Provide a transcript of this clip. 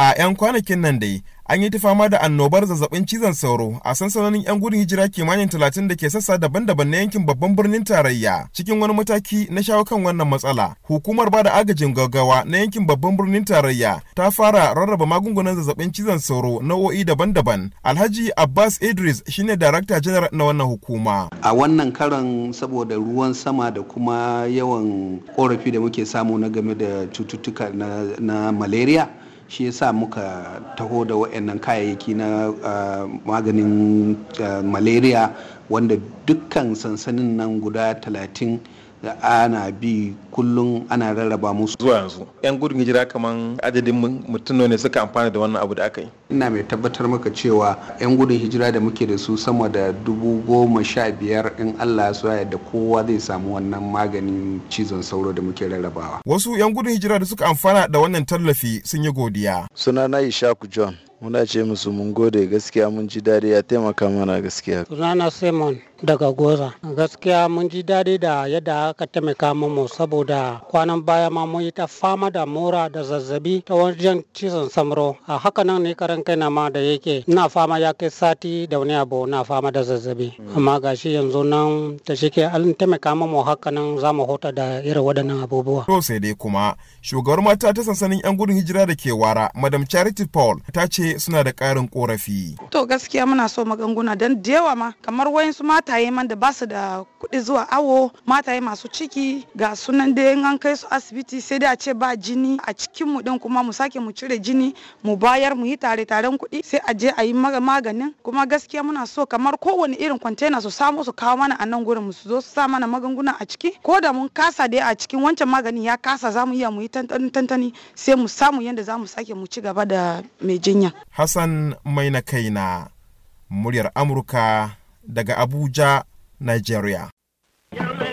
a 'yan kwanakin nan dai an yi ta fama da annobar zazzabin cizon sauro a sansanonin 'yan gudun hijira kimanin talatin da ke sassa daban-daban na yankin babban birnin tarayya cikin wani mataki na shawo kan wannan matsala hukumar ba da agajin gaggawa na yankin babban birnin tarayya ta fara rarraba magungunan zazzabin cizon sauro nau'o'i daban-daban alhaji abbas idris shine darakta janar na wannan hukuma a wannan karan saboda ruwan sama da kuma yawan korafi da muke samu na game da cututtuka na, na malaria shi yasa muka taho da wa'annan kayayyaki na ah, maganin ah, malaria wanda dukkan sansanin nan guda talatin da ana bi kullum ana rarraba musu zuwa yanzu yan gudun hijira kamar adadin mutum ne suka amfana da wannan abu da aka yi ina mai tabbatar maka cewa yan gudun hijira da muke da su sama da dubu goma sha biyar in allah ya da kowa zai samu wannan maganin cizon sauro da muke rarrabawa wasu yan gudun hijira da suka amfana da wannan tallafi sun yi godiya sunana ishaku john muna ce musu mun gode gaskiya mun ji daɗi ya taimaka mana gaskiya sunana simon daga goza gaskiya mun ji daɗi da yadda aka taimaka mu saboda kwanan baya ma mun yi ta fama da mura da zazzabi ta wajen cizon samro a haka nan ne karan kai ma da yake na fama ya kai sati da wani abu na fama da zazzabi amma gashi yanzu nan ta shike an taimaka mu haka nan za mu hota da irin waɗannan abubuwa sai dai kuma shugabar mata ta sansanin yan gudun hijira da ke wara madam charity paul ta ce suna da ƙarin ƙorafi. To gaskiya muna so magunguna don da yawa ma kamar wayansu mataye man da basu da kuɗi zuwa awo mataye masu ciki ga sunan da an kai su asibiti sai da a ce ba jini a cikin mu din kuma mu sake mu cire jini mu bayar mu yi tare taren kuɗi sai a je a yi maganin kuma gaskiya muna so kamar kowane irin kwantena su samo su kawo mana a nan gurin mu su zo su sa mana magunguna a ciki ko da mun kasa dai a cikin wancan maganin ya kasa za mu iya mu yi tantani tantani sai mu samu yadda za mu sake mu ci gaba da mai jinya. Hassan mai na na muryar Amurka daga Abuja, Nigeria. Yeah,